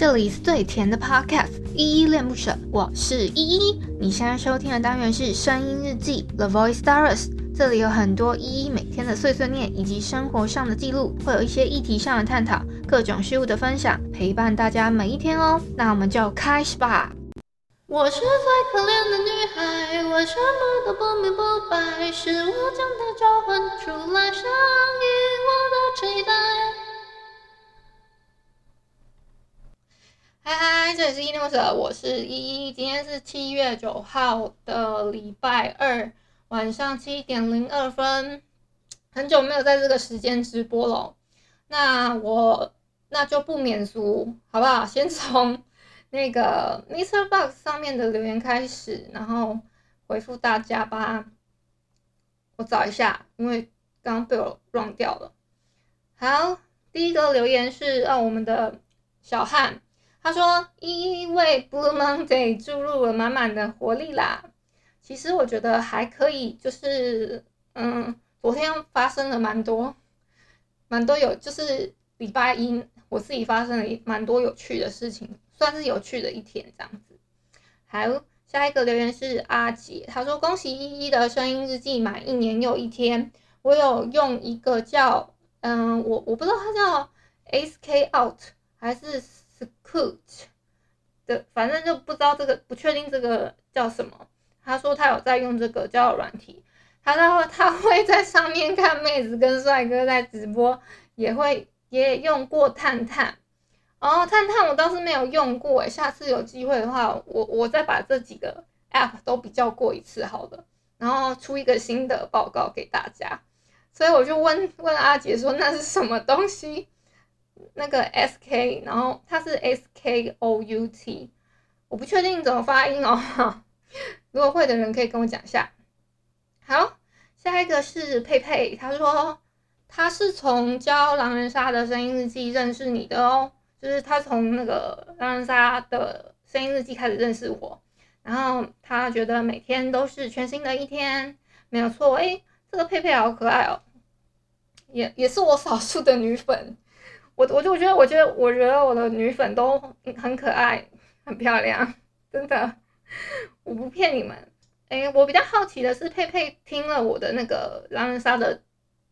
這裡是最甜的 podcast，依依戀不捨，我是依依。你現在收聽的單元是聲音日記 The Voice Diaries，這裡有很多依依每天的碎碎念以及生活上的記錄，會有一些議題上的探討，各種事物的分享，陪伴大家每一天哦。那我們就開始吧。我我我我是是最可憐的的女孩，我什麼都不明不明白，是我將她召喚出來嗨嗨，這裡是依依戀不捨，我是依依。今天是七月九號的禮拜二晚上七點零二分，很久沒有在這個時間直播了，那我那就不免俗，好不好？先從那個 MixerBox 上面的留言開始，然後回復大家吧。我找一下，因為剛剛被我忘掉了。好，第一個留言是讓、哦、我們的小漢。他說：“依依為 Blue Monday 注入了滿滿的活力啦。”其實我覺得還可以，就是嗯，昨天發生了蠻多蠻多有，就是禮拜一我自己發生了蠻多有趣的事情，算是有趣的一天這樣子。好，下一個留言是阿杰，他說：“恭喜依依的聲音日記滿一年又一天。”我有用一個叫嗯，我我不知道它叫 Skout 還是。the coach 的，反正就不知道這個，不確定這個叫什麼。他說他有在用這個交友軟體，他的話他會在上面看妹子跟帥哥在直播，也會也用過探探。哦，探探我倒是沒有用過耶，下次有機會的話，我我再把這幾個 app 都比較過一次好了，然後出一個新的報告給大家。所以我就問問阿杰說，那是什麼東西？那個 S K，然後他是 S K O U T，我不確定怎麼發音哦，呵呵。如果會的人可以跟我講一下。好，下一個是佩佩，他說他是從教狼人殺的聲音日記認識你的哦，就是他從那個狼人殺的聲音日記開始認識我，然後他覺得每天都是全新的一天，沒有錯。誒，這個佩佩好可愛哦，也也是我少數的女粉。我我就覺得我覺得我覺得我覺得我的女粉都很可愛很漂亮，真的，我不騙你們。哎，我比較好奇的是，佩佩聽了我的那個狼人殺的，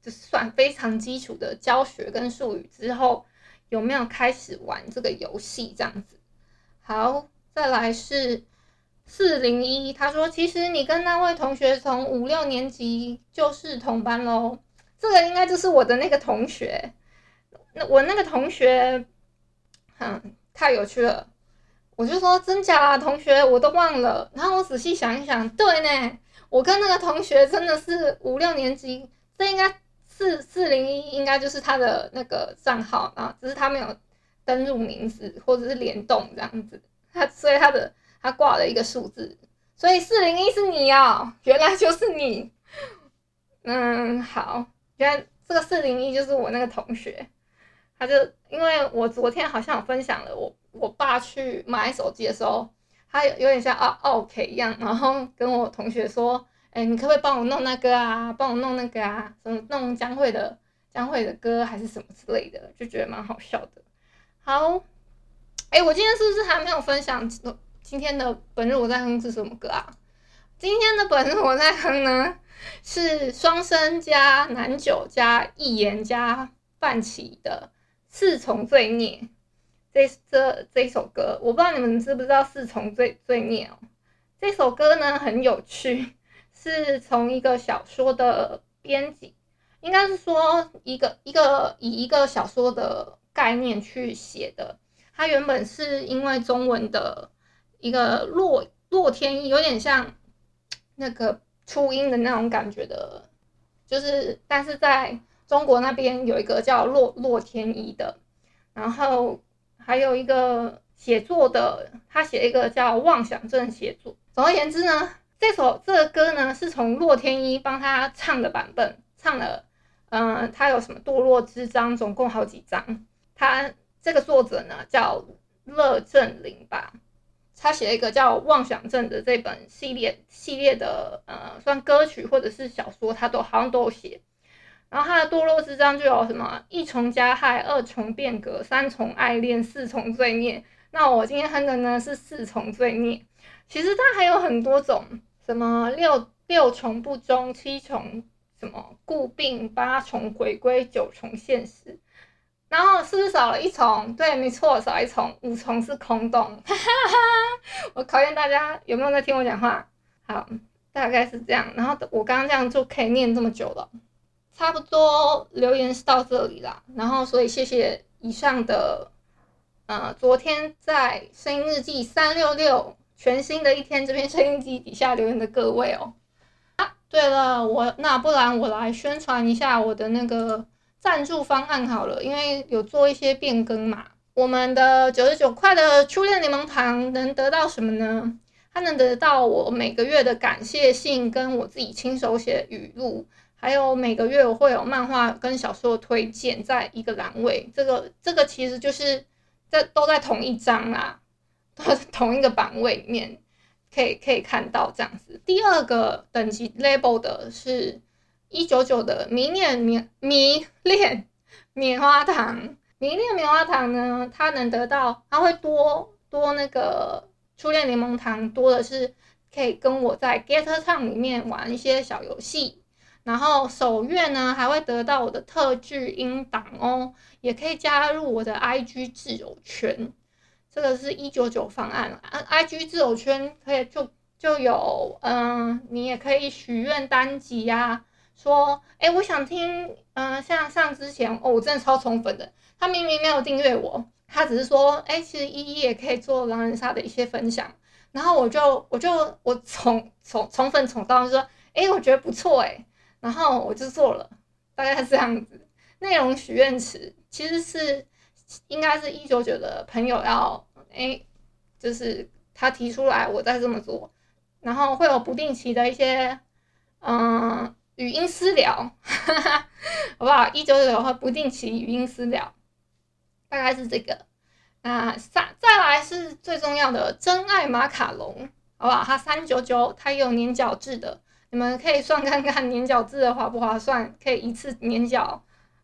就是算非常基礎的教學跟術語之後，有沒有開始玩這個遊戲這樣子？好，再來是四零一，他說其實你跟那位同學從五六年級就是同班嘍，這個應該就是我的那個同學。那我那個同學，嗯，太有趣了，我就說真假啊？同學，我都忘了。然後我仔細想一想，對呢，我跟那個同學真的是五六年級。這應該是四零一，應該就是他的那個賬號啊，只是他沒有登錄名字或者是聯動這樣子，他所以他的他掛了一個數字，所以四零一是你啊？喔，原來就是你，嗯，好，原來這個四零一就是我那個同學。他就因為我昨天好像有分享了我我爸去買手機的時候，他有，有點像啊 OK 一樣，然後跟我同學說，哎，你可不可以幫我弄那個啊，幫我弄那個啊，什麼弄江蕙的江蕙的歌還是什麼之類的，就覺得蠻好笑的。好，哎，我今天是不是還沒有分享今天的本日我在哼是什麼歌啊？今天的本日我在哼呢，是雙笙加南久加易言加樊棋的。四重罪孽，這這這一首歌，我不知道你們知不知道四重罪罪孽哦。這首歌呢很有趣，是從一個小說的編輯，應該是說一個一個以一個小說的概念去寫的。它原本是因為中文的一個洛洛天依有點像那個初音的那種感覺的，就是但是在。中國那邊有一個叫洛洛天依的，然後還有一個寫作的，他寫一個叫《妄想症》寫作。總而言之呢，這首這個歌呢，是從洛天依幫他唱的版本唱了。嗯，他有什麼墮落之章，總共好幾章。他這個作者呢叫樂正綾吧，他寫一個叫《妄想症》的這本系列系列的呃、嗯，算歌曲或者是小說，他都好像都有寫。然後它的墮落之章就有什麼一重加害、二重變革、三重愛戀、四重罪孽。那我今天哼的呢是四重罪孽。其實它還有很多種，什麼六六重不忠、七重什麼故病、八重回歸、九重現實。然後是不是少了一重？對，沒錯，少一重。五重是空洞。 我考驗大家有沒有在聽我講話。好，大概是這樣。然後我剛剛這樣就可以念這麼久了。差不多留言是到這裡了，然後所以謝謝以上的，呃昨天在《聲音日記三六六》全新的一天這篇聲音集底下留言的各位哦、喔。啊，對了，我那不然我來宣傳一下我的那個贊助方案好了，因為有做一些變更嘛。我們的九十九塊的初戀檸檬糖能得到什麼呢？它能得到我每個月的感謝信，跟我自己親手寫語錄。還有每個月我會有漫畫跟小說推薦，在一個欄位。這個這個其實就是在都在同一張啦，都是同一個版位裡面，可以可以看到這樣子。第二個等級 label 的是一九九的迷戀棉迷戀棉花糖，迷戀棉花糖呢，它能得到它會多多那個初戀檸檬糖多的是可以跟我在 Gather Town 裡面玩一些小遊戲。然後首月呢，還會得到我的特制音檔哦，也可以加入我的 I G 自由圈，這個是一九九方案，啊、I G 自由圈可以就就有嗯、呃，你也可以許願單集呀，啊，說哎，欸，我想聽嗯、呃，像像之前哦，我真的超寵粉的。他明明沒有訂閱我，他只是說哎，欸，其實依依也可以做狼人殺的一些分享，然後我就我就我寵寵寵粉寵到就說哎，欸，我覺得不錯哎，欸。然後我就做了，大概是這樣子。內容許願池其實是應該是199的朋友要哎，就是他提出來，我再這麼做。然後會有不定期的一些嗯、呃、語音私聊呵呵，好不好？199的話不定期語音私聊，大概是這個。那再再來是最重要的真愛馬卡龍，好不好？它399，它也有年繳制的。你們可以算看看年繳字的划不划算，可以一次年繳，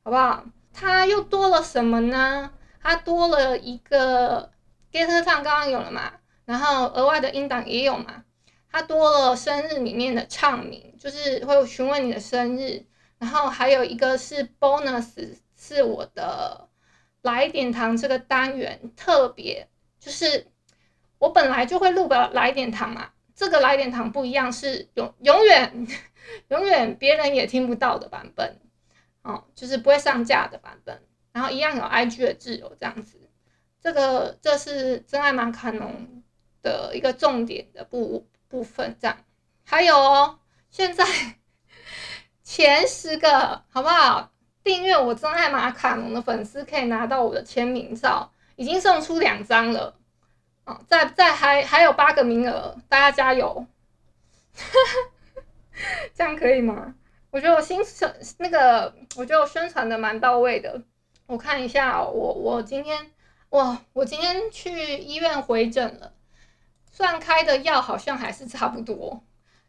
好不好？它又多了什麼呢？它多了一個 get 上剛剛有了嘛，然後額外的音檔也有嘛，它多了生日裡面的唱名，就是會詢問你的生日，然後還有一個是 bonus，是我的來點糖這個單元特別，就是我本來就會錄個來點糖嘛。這個來點糖不一樣，是永永遠永遠別人也聽不到的版本，哦，就是不會上架的版本。然後一樣有 IG 的摯友這樣子，這個這是真愛馬卡龍的一個重點的部部分，這樣還有哦，現在前十個好不好？訂閱我真愛馬卡龍的粉絲可以拿到我的簽名照，已經送出兩張了。啊、哦，在在還還有八個名額，大家加油！ 這樣可以嗎？我覺得我新，傳那個，我覺得我宣傳的蠻到位的。我看一下、哦，我我今天哇，我今天去醫院回診了，雖然開的藥好像還是差不多，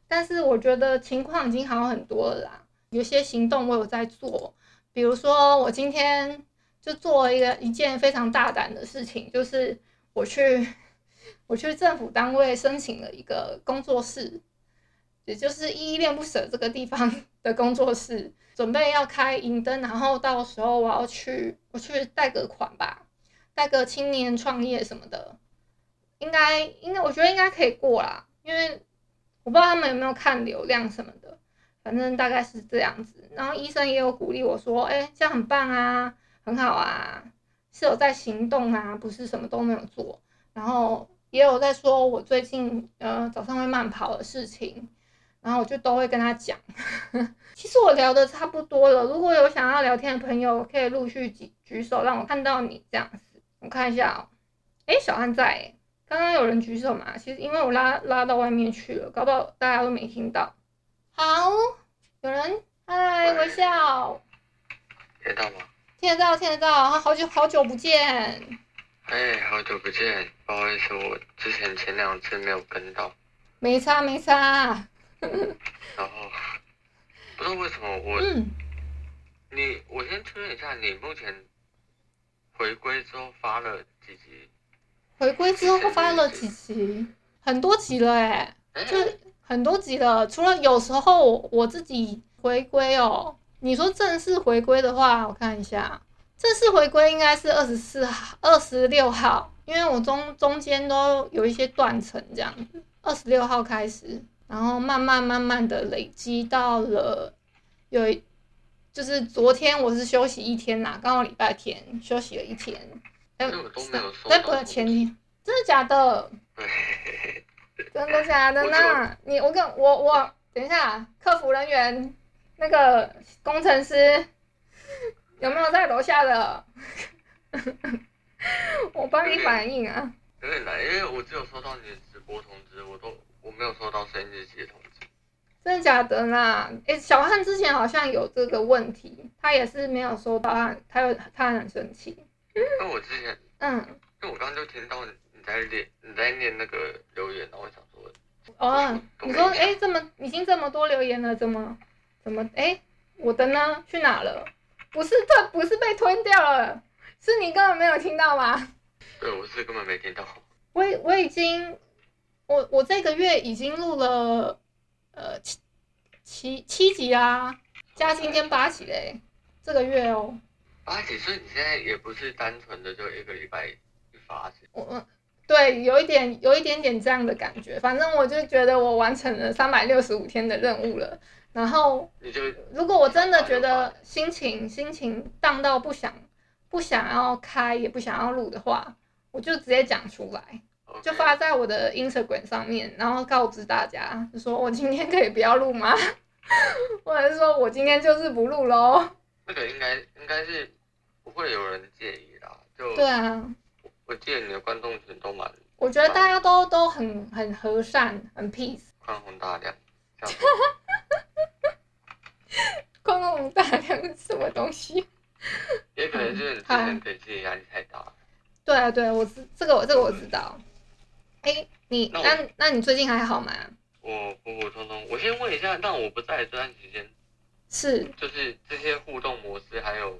但是我覺得情況已經好像很多好很多了啦。有些行動我有在做，比如說我今天就做了一個一件非常大膽的事情，就是我去。我去政府單位申請了一個工作室，也就是依依戀不捨這個地方的工作室，準備要開影燈，然後到時候我要去，我去貸個款吧，貸個青年創業什麼的，應該應該，我覺得應該可以過啦，因為我不知道他們有沒有看流量什麼的，反正大概是這樣子。然後醫生也有鼓勵我說：“哎、欸，這樣很棒啊，很好啊，是有在行動啊，不是什麼都沒有做。”然後。也有在說我最近呃早上會慢跑的事情，然後我就都會跟他講。其實我聊得差不多了，如果有想要聊天的朋友，可以陸續舉舉手讓我看到你這樣子。我看一下哦、喔，哎、欸，小安在。剛剛有人舉手嗎？其實因為我拉拉到外面去了，搞不好大家都沒聽到。好，有人，嗨，微笑，聽得到嗎？聽得到，聽得到，好久好久不見。哎、Hey，好久不見！不好意思，我之前前兩次沒有跟到。沒差，沒差。 然後，不知道為什麼我，嗯、你，我先確認一下，你目前回歸之後發了幾集？回歸之後發了幾集？幾集幾集很多集了，欸，誒、嗯、就很多集了。除了有時候我自己回歸哦，你說正式回歸的話，我看一下。這次回歸應該是二十四號、二十六號，因為我中中間都有一些斷層這樣，二十六號開始，然後慢慢慢慢的累積到了，有，就是昨天我是休息一天啦，剛好禮拜天休息了一天。哎，對、欸，是不是前天，真的假的？ 真的假的呢？你，我跟我我，等一下，客服人員那個工程師。有沒有在樓下的？ 我幫你反映啊。有點難，因為我只有收到你的直播通知，我都我沒有收到聲音日記的通知。真的假的呢？哎，小漢之前好像有這個問題，他也是沒有收到，他他很生氣。那我之前，嗯，那我剛剛就聽到你在念你在念那個留言，然後我想說，哦，你說哎、欸，這麼已經這麼多留言了，怎麼怎麼哎、欸，我的呢？去哪了？不是吞，不是被吞掉了，是你根本沒有聽到嗎？對，我是根本沒聽到。我我已經，我我這個月已經錄了呃七七七集啊，加今天八集嘞、欸，這個月哦、喔。八集。所以你現在也不是單純的就一個禮拜一發集。我我，對，有一點有一點點這樣的感覺，反正我就覺得我完成了三百六十五天的任務了。然後，你就如果我真的覺得心情心情盪到不想不想要開也不想要錄的話，我就直接講出來，okay. 就發在我的 Instagram 上面，然後告知大家，就說，我今天可以不要錄嗎？或者是說我今天就是不錄嘍？這、那個應該應該是不會有人介意啦。就對啊，我記得你的觀眾群都蠻，我覺得大家都、嗯、都很很和善，很 peace，寬宏大量， 那種大量的什麼東西，也可能就是你之前給自己壓力太大了，嗯 對啊。對啊，對我知這個，我這個我知道。哎，欸，你那那你最近還好嗎？我普普通通。我先問一下，但我不在這段時間，是就是這些互動模式還有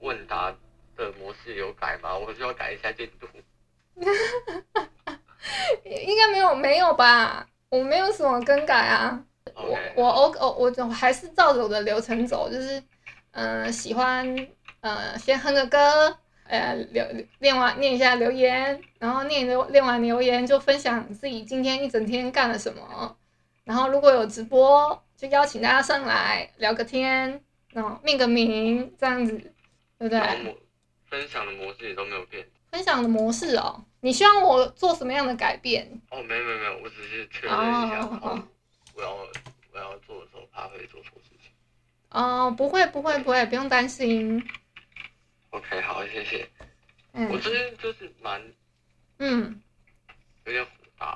問答的模式有改嗎？我需要改一下進度。 應該沒有，沒有吧？我沒有什麼更改啊。Okay. 我我我我總還是照着我的流程走，就是，嗯、呃，喜歡、呃，先哼個歌，呃，留練完念一下留言，然後念留練完留言就分享自己今天一整天幹了什麼，然後如果有直播，就邀請大家上來聊個天，然後命個名，這樣子，對不對？分享的模式也都沒有變。分享的模式哦，你希望我做什麼樣的改變？哦、Oh,，沒有沒沒，我只是確認一下。Oh, oh, oh. 我要我要做的時候，怕會做錯事情。哦，不會不會不會，不用擔心。OK，好，謝謝。嗯、我這邊就是蠻……嗯，有點火大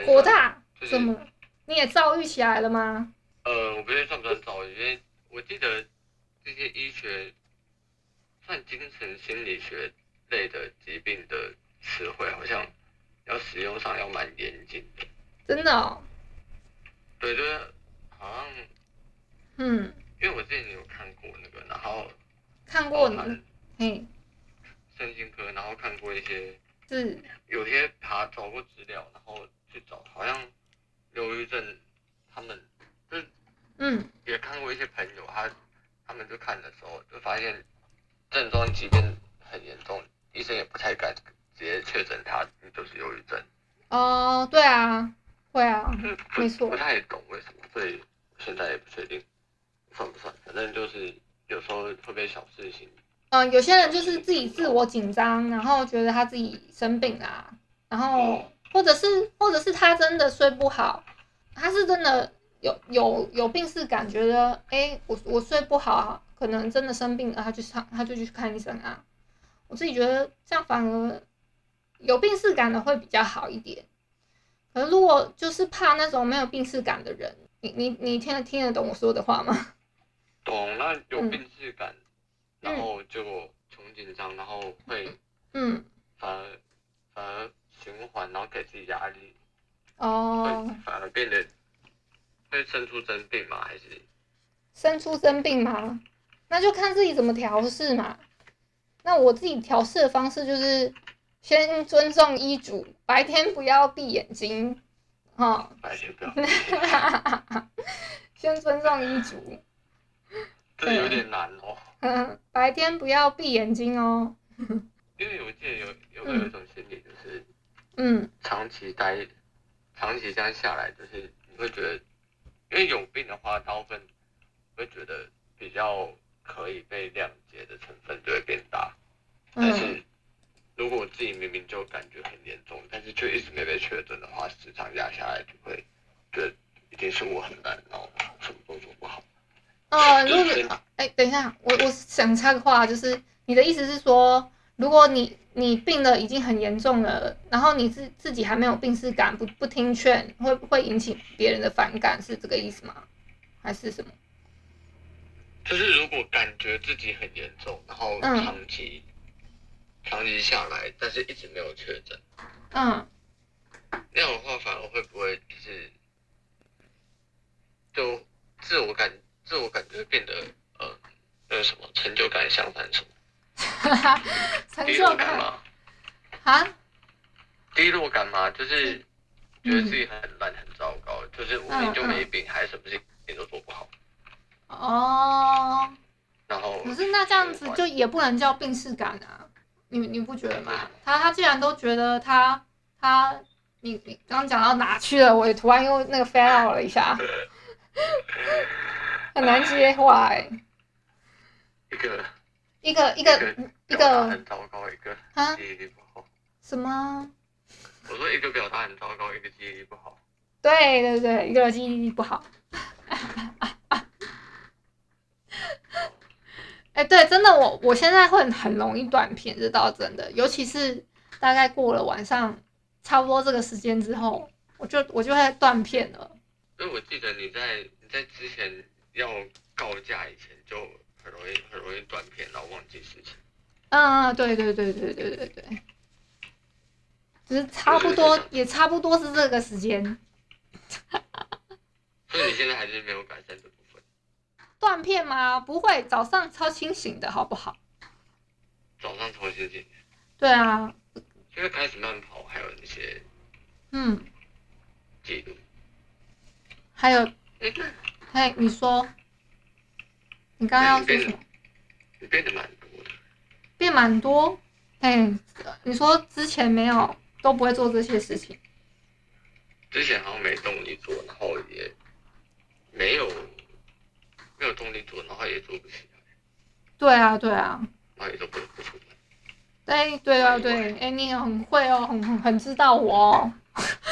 了，火大、就是、怎麼？你也躁鬱起來了嗎？呃，我不知道算不算躁鬱，因為我記得這些醫學，算精神心理學類的疾病的詞彙，好像要使用上要蠻嚴謹的。真的、哦。對，就是好像，嗯，因為我之前有看過那個，然後看過你，嗯，身心科，然後看過一些，是，有些他找過資料，然後去找，好像憂鬱症，他們就，嗯，也看過一些朋友，他，他們就看的時候就發現，症狀即便很嚴重，醫生也不太敢直接確診他就是憂鬱症。哦、呃，對啊。對啊，嗯、沒錯，不太懂為什麼，所以現在也不確定算不算。反正就是有時候會被小事情。嗯，有些人就是自己自我緊張，然後覺得他自己生病啦，啊，然後或者是，哦、或者是他真的睡不好，他是真的有有有病識感，覺得哎，欸，我我睡不好，可能真的生病了，他就上他就去看醫生啊。我自己覺得這樣反而有病識感的會比較好一點。而如果就是怕那種沒有病識感的人，你你你聽得聽得懂我說的話嗎？懂，那有病識感，嗯，然後就從緊張，然後會，嗯，反而反而循環，然後給自己壓力，哦，反而變得會生出真病嗎？還是生出真病嗎？那就看自己怎麼調適嘛。那我自己調適的方式就是。先尊重醫囑，白天不要閉眼睛，哦。白天不要閉眼。 先尊重醫囑。 這有點難哦。嗯，白天不要閉眼睛哦。 因為我記得有有有一種心理就是，嗯，長期待，長期這樣下來，就是你會覺得，因為有病的話，刀分會覺得比較可以被諒解的成分就會變大，但是。嗯如果我自己明明就感覺很嚴重，但是卻一直沒被確診的話，時常壓下來就會覺得一定是我很難哦，什麼都做不好。啊、呃，如果哎、就是欸，等一下，我我想插個話，就是你的意思是說，如果你你病了已經很嚴重了，然後你自自己還沒有病識感，不不聽勸，會不會引起別人的反感，是這個意思嗎？還是什麼？就是如果感覺自己很嚴重，然後長期。嗯長期下來，但是一直沒有確診。嗯，那樣的話反而會不會就是，就自我感自我感覺變得呃、嗯、那個什麼成就感相反什麼？ 成就感、感嗎？啊？低落感嗎？就是覺得自己很爛、嗯、很糟糕，就是無病就沒病，還是什麼事情都做不好。哦、嗯嗯。然後。可是那這樣子就也不能叫病識感啊。你你不覺得嗎？他他既然都覺得他他，你你剛，剛講到哪去了？我也突然又那個 fail 了一下， 很難接話哎、欸。一個一個一個一個，一個很糟糕一個，記憶力不好。什麼？我說一個表達很糟糕，一個記憶力不好。對對，對對，一個記憶力不好。 哎、欸，對，真的，我我現在會很容易斷片，這倒真的，尤其是大概過了晚上差不多這個時間之後，我就我就會斷片了。所以我記得你在你在之前要告假以前就很容易很容易斷片，然後忘記事情。嗯嗯，對對對對對對對，只是差不多也差不多是這個時間。 所以你現在還是沒有改善的。斷片嗎？不會，早上超清醒的好不好？早上超清醒。對啊，現在開始慢跑，還有那些錄、嗯嫉妒、還有嘿、欸欸欸，你說、欸、你剛剛要做什麼？你變，變得蠻多的，變蠻多？嘿、欸，你說之前沒有都不會做這些事情，之前好像沒動力做，然後也沒有。沒有動力做，然後也做不起、啊。對啊，對啊。那也做不不出去。哎，對啊，對，哎，你也很會哦，很很很知道我、哦。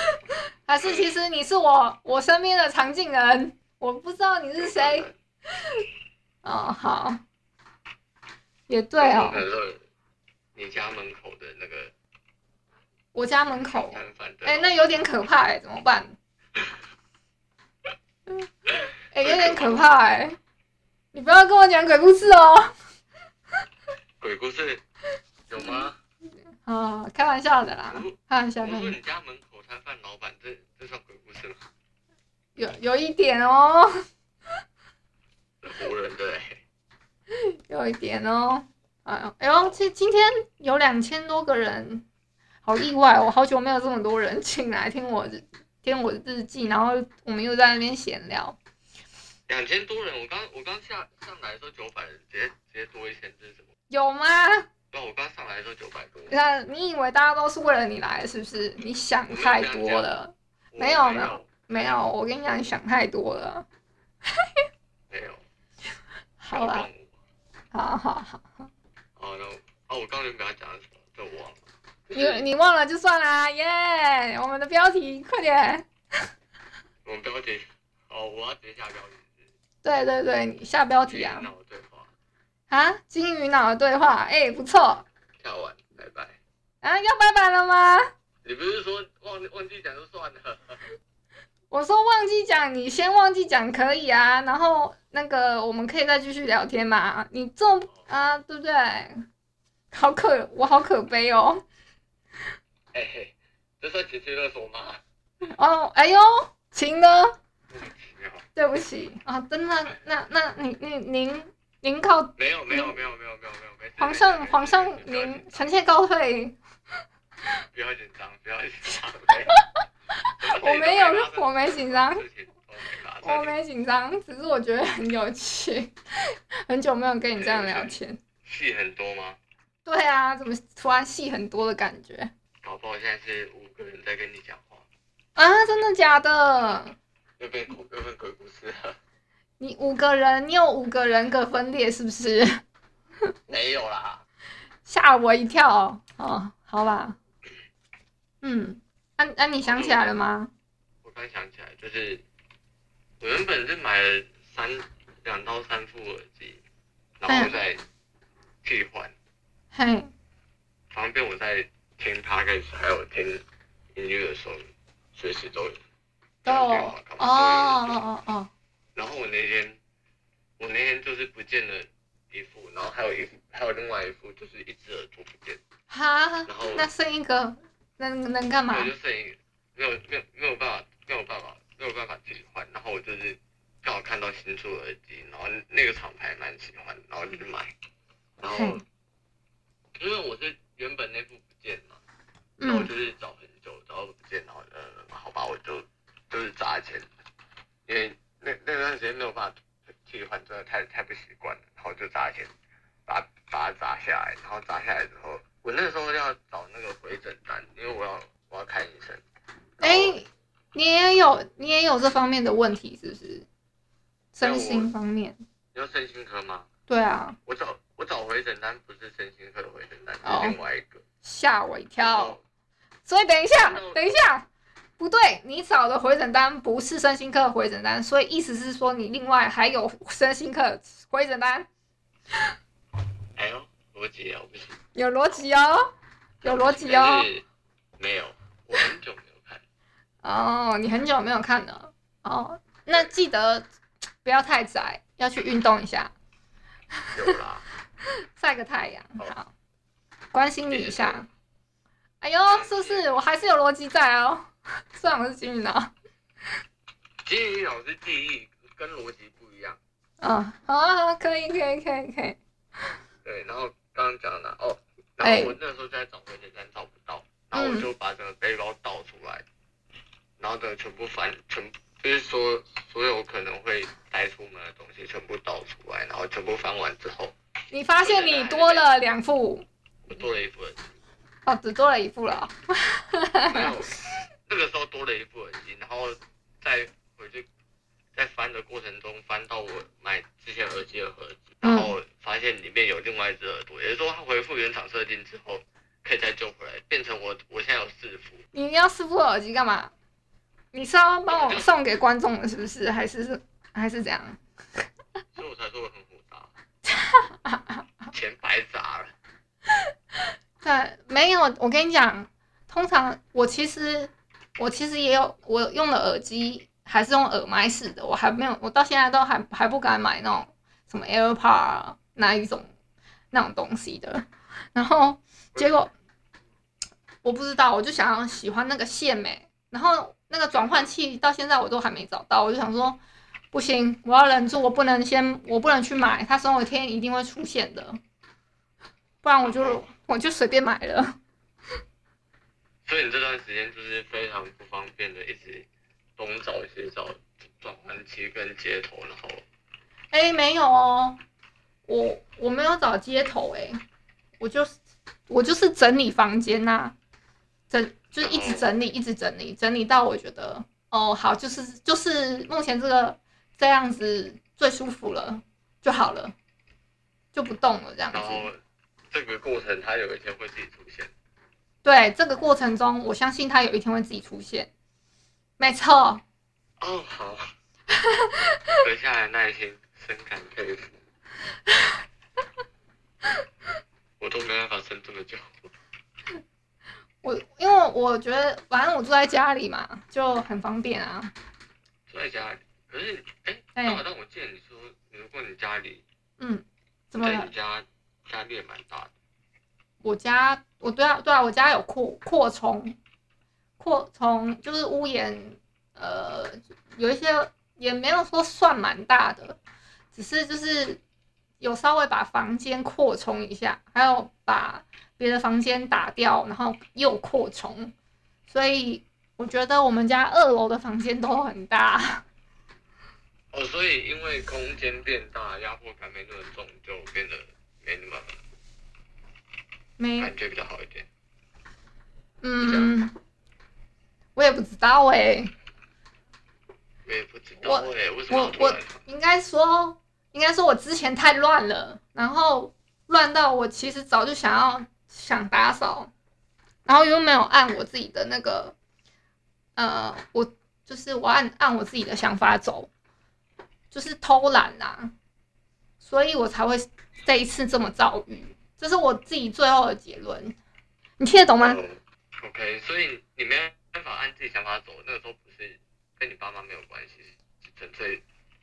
還是其實你是我我身邊的常見人，我不知道你是誰？嗯、 哦，好。也對哦。你家門口的那個。我家門口。哎，那有點可怕哎、欸，怎麼辦？ 哎、欸，有點可怕哎、欸！你不要跟我講鬼故事哦、喔。鬼故事有嗎？啊、哦，開玩笑的啦，開玩笑的。我說你家門口攤販老板，這這算鬼故事嗎？有有一點哦。唬人，對。有一點哦。哎呦哎呦，其實今天有兩千多個人，好意外、喔！我好久沒有這麼多人進來聽我聽我的日記，然後我們又在那邊閒聊。兩千多人，我剛我剛下上來的時候九百人，直接直接多一千，這是什麼？有嗎？那我剛上來的時候九百多人。那你以為大家都是為了你來？是不是？你想太多了。沒有沒有沒有，沒有。我跟你講，你想太多了。 沒有。好吧。好好好。哦，那哦、啊，我剛剛給他講什麼？就忘了。你你忘了就算啦，耶！我們的標題，快點。我們標題，哦，我要直接下標題。對對對，下標題啊！啊，金魚腦的對話，哎、欸，不錯。跳完拜拜啊，要拜拜了嗎？你不是說忘忘記講就算了？ 我說忘記講，你先忘記講可以啊，然後那個我們可以再繼續聊天嘛？你這、哦、啊，對不對？好可，我好可悲哦。嘿、欸、嘿，這算情緒勒索嗎？哦、oh，哎呦，親呢。嗯對不起啊，真的，那那，那您您您您靠，沒有沒有沒有沒有沒有沒有，皇上皇上您臣妾告退不。不要緊張，不要緊張。我沒有，我我沒緊張，我沒緊張，只是我覺得很有趣，嗯、很有趣 很久沒有跟你這樣聊天。戲很多嗎？對啊，怎麼突然戲很多的感覺？搞不好我現在是五個人在跟你講話啊？真的假的？又變鬼，又變鬼故事了。你五個人，你有五個人格分裂是不是？沒有啦，嚇我一跳哦。Oh, 好吧。 嗯，那、啊、那、啊、你想起來了嗎？我剛想起來，就是我原本是買了三兩到三副耳機，哎、然後再替換，嘿、哎，方便我在聽 podcast 還有聽音樂的時候隨時都有。哦哦哦哦，哦哦哦哦哦，然後我那天，我那天就是不見了一副，然後還有一，還有另外一副就是一隻耳朵不見，哈，那剩一個能，能能幹嘛？我就剩一個。面的問題是不是身心方面？你要身心科嗎？對啊，我找我找回診單，不是身心科的回診單。Oh, 是另外一個。嚇我一跳。Oh. 所以等一下，oh. 等一下，oh. 不對，你找的回診單不是身心科的回診單，所以意思是說你另外還有身心科的回診單？哎 呦、oh, 喔，邏輯啊，我不行，有邏輯哦，oh. 有邏輯哦，沒有，我很久沒有看。哦、 oh,，你很久沒有看了。哦，那記得不要太宅，要去運動一下。有啦。 曬個太陽。好。關心你一下。欸、哎呦，是不是？欸、我還是有邏輯在哦。算了，我是金魚腦。金魚腦是記憶跟邏輯不一樣。啊、哦，好啊好，可以，可以，可以，可以。對，然後剛剛講了哦，然後我那時候在找文件夾找不到、欸，然後我就把這個背包倒出來，嗯、然後等全部翻，全。就是說，所有可能會帶出門的東西全部倒出來，然後全部翻完之後，你發現你多了兩副，我多了一副耳機，哦，只多了一副了。沒 有，那個時候多了一副耳機，然後再回去，在翻的過程中翻到我買之前耳機的盒子，然後發現裡面有另外一隻耳朵，也就是說，它恢復原廠設定之後可以再救回來，變成我我現在有四副。你要四副耳機幹嘛？你是要幫我送給觀眾的是不是？還是是，還是怎樣？所以我才做的很複 雜，錢白砸了。 對，沒有，我跟你講，通常我其實我其實也有我用的耳機，還是用耳麥式的。我還沒有，我到現在都還還不敢買那種什麼 AirPods 啊，那一種那種東西的。然後結果 我不知道，我就想要喜歡那個線美，然後。那個轉換器到現在我都還沒找到，我就想說，不行，我要忍住，我不能先，我不能去買。他說我天一定會出現的，不然我就、okay. 我就隨便買了。所以你這段時間就是非常不方便的，一直東找西找轉換器跟接頭，然後？哎、欸，沒有哦，我我沒有找接頭，哎，我就是我就是整理房間吶、啊，整。就一直整理、哦，一直整理，整理到我覺得哦，好，就是就是目前這個這樣子最舒服了就好了，就不動了這樣子。然後這個過程，他有一天會自己出現。對，這個過程中，我相信他有一天會自己出現。沒錯。哦，好。閣 下來耐心深感佩服。 我都沒辦法撐這麼久。我因為我覺得反正我住在家裡嘛，就很方便啊。住在家裡。可是哎，那、欸欸、我記得你說，如果你家裡，嗯，怎麼樣？你家裡家，家裡也蠻大的。我家我對啊對啊，我家有擴擴充，擴充就是屋檐，呃，有一些也沒有說算蠻大的，只是就是有稍微把房間擴充一下，還有把。別的房間打掉，然後又擴充，所以我覺得我們家二樓的房間都很大。哦，所以因為空間變大，壓迫感沒那麼重，就變得沒那麼沒感覺比較好一點。嗯，我也不知道誒、欸。我我我應該說，應該說我之前太亂了，然後亂到我其實早就想要。想打掃，然後又沒有按我自己的那個，呃，我就是我按按我自己的想法走，就是偷懶啦、啊，所以我才會這一次這麼遭遇，這是我自己最後的結論。你聽得懂嗎？Hello.OK，所以你沒有辦法按自己想法走，那個時候不是跟你爸媽沒有關係，純粹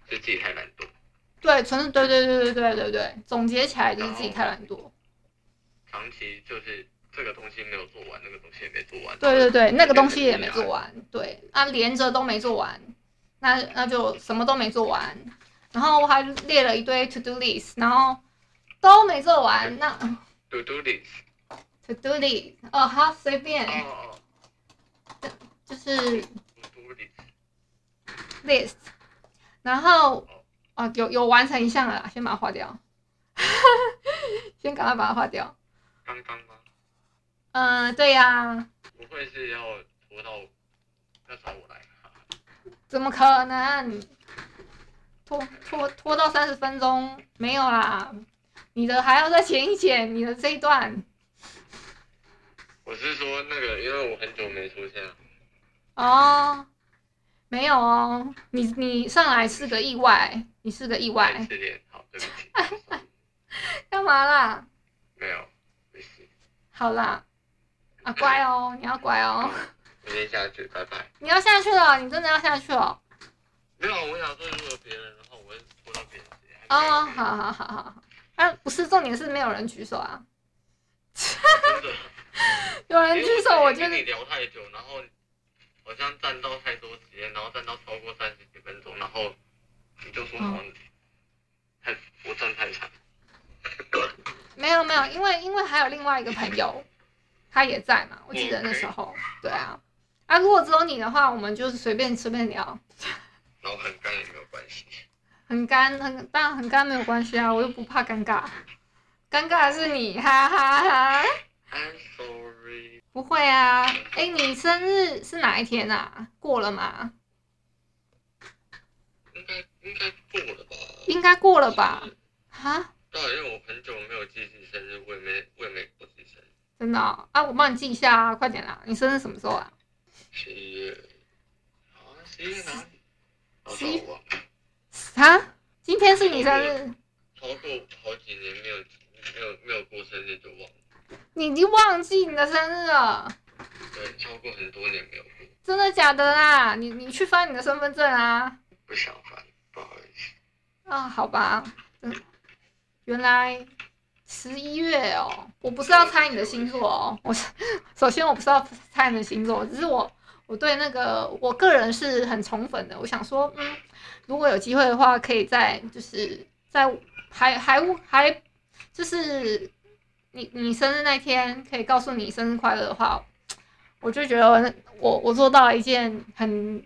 是自己太懶惰。對，純粹，對對對對對對對，總結起來就是自己太懶惰。長期就是這個東西沒有做完，那個東西也沒做完。對對對，那個東西也沒做完。對，啊，連着都沒做完，那那就什麼都沒做完。然後我還列了一堆 to do list，然後都沒做完。那 to do list，to do list、Oh, oh. list，to do list、Oh. 哦，好，隨便。哦哦。就是 to do list，list。然後啊，有有完成一項了，先把它劃掉。 先趕快把它劃掉。剛剛嗎？嗯、呃，對呀、啊。不會是要拖到要找我來、啊？怎麼可能？拖拖拖到三十分鐘沒有啦！你的還要再剪一剪你的這一段。我是說那個，因為我很久沒出現了。哦，沒有哦，你你上來是個意外，你是個意外。好，對不起。 幹嘛啦？沒有。好啦，啊乖哦，你要乖哦。我先下去，拜拜。你要下去了，你真的要下去了。沒有，我想說如果別人，然後我會拖到別人。哦，好好好好好。不是重點是沒有人舉手啊。 有人舉手，我覺得。跟你聊太久，我就是、然後好像站到太多時間，然後站到超過三十幾分鐘，然後你就說什、oh. 還不算太長。 沒有沒有，因為因為還有另外一個朋友，他也在嘛。我記得那時候，okay. 對啊，啊，如果只有你的話，我們就是隨便隨便聊。然、oh, 後很乾也沒有關係。很乾，很當然很乾沒有關係啊，我又不怕尷尬，尷尬的是你，哈哈哈，哈。I'm sorry。不會啊，哎，你生日是哪一天吶、啊？過了嗎？應該應該過了吧。應該過了吧？哈對，因為我很久沒有記生日，我也沒我也沒過生日。真的哦？啊，我幫你記一下啊，快點啦！你生日什麼時候啊？十一月啊，十一月哪？十一月。啊？今天是你生日？超過，超過好幾年沒有沒有沒有過生日就忘了。你已經忘記你的生日了？對，超過很多年沒有過。真的假的啦？你你去翻你的身份證啊？不想翻，不好意思。啊，好吧，嗯。原來十一月哦，我不是要猜你的星座哦，我是首先我不是要猜你的星座，只是我我對那個我個人是很寵粉的，我想說，嗯，如果有機會的話，可以在就是在還還還就是你你生日那天可以告訴你生日快樂的話，我就覺得我我我做到了一件很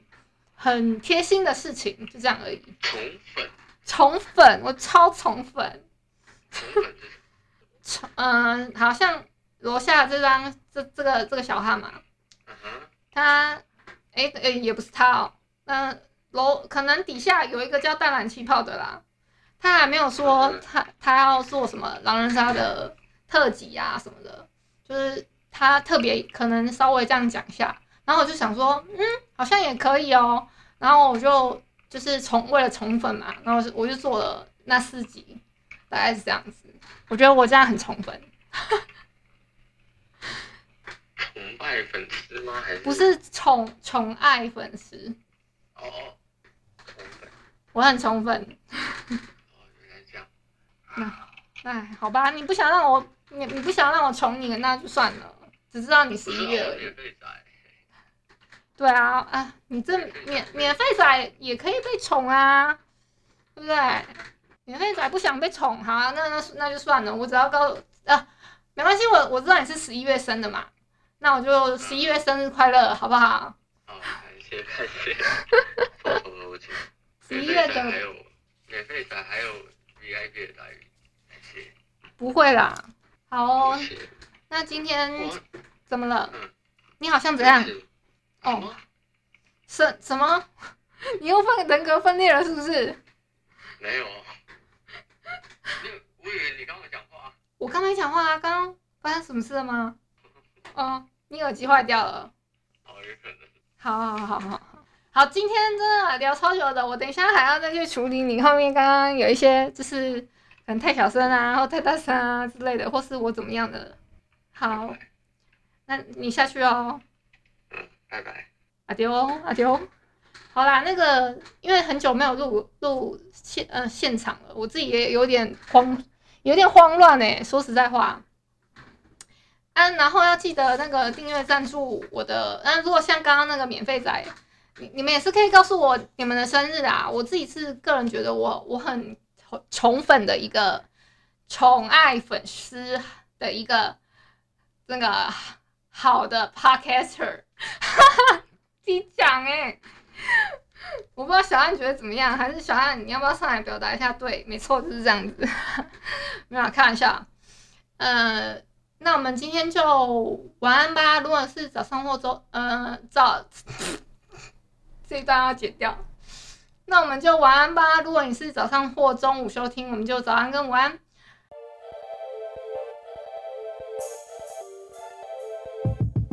很貼心的事情，就這樣而已。寵粉，寵粉，我超寵粉。嗯、 呃，好像樓下這張這這個這個小漢嘛，他哎哎、欸欸、也不是他哦，嗯樓可能底下有一個叫淡藍氣泡的啦，他還沒有說他他要做什麼狼人殺的特輯啊什麼的，就是他特別可能稍微這樣講一下，然後我就想說嗯好像也可以哦，然後我就就是寵，為了寵粉嘛，然後我就做了那四集。大概是這樣子，我覺得我這樣很寵粉。 崇拜粉絲嗎？還是不是寵寵愛粉絲？哦，寵粉，我很寵粉。哦 ，oh，原來這樣。那 好吧，你不想讓我，你你不想讓我寵你，那就算了。只知道你十一月了。對啊，啊，你這免免費仔也可以被寵啊，對不對？免費仔不想被寵，哈、啊，那那那就算了。我只要告，啊，沒關係，我我知道你是十一月生的嘛，那我就十一月生日快樂，嗯，好不好？哦，謝謝，謝謝。十一月的還有免費仔，還有 VIP 的待遇，感謝，感謝。 不會啦，好哦，喔。那今天怎麼了，嗯？你好像怎樣？哦，什麼什麼？ 你又分人格分裂了是不是？沒有。你，我以為你剛剛講話，我剛剛講話啊，剛剛發生什麼事了嗎？ 哦，你耳機壞掉了。好好好好好，今天真的聊超久的，我等一下還要再去處理你後面剛剛有一些就是可能太小聲啊，或太大聲啊之類的，或是我怎麼樣的。好，拜拜，那你下去哦。拜拜。阿丟，阿丟。好啦，那個因為很久沒有錄錄現呃現場了，我自己也有點慌，有點慌亂呢、欸。說實在話，嗯、啊，然後要記得那個訂閱贊助我的，那、啊、如果像剛剛那個免費仔，你你們也是可以告訴我你們的生日啊。我自己是個人覺得我我很寵寵粉的一個寵愛粉絲的一個那、這個好的 parker，哈哈，必獎哎。 我不知道小安覺得怎麼樣，還是小安，你要不要上來表達一下？對，沒錯，就是這樣子，呵呵沒有開玩笑。呃，那我們今天就晚安吧。如果是早上或中，呃，早這一段要剪掉。那我們就晚安吧。如果你是早上或中午收聽，我們就早安跟午安。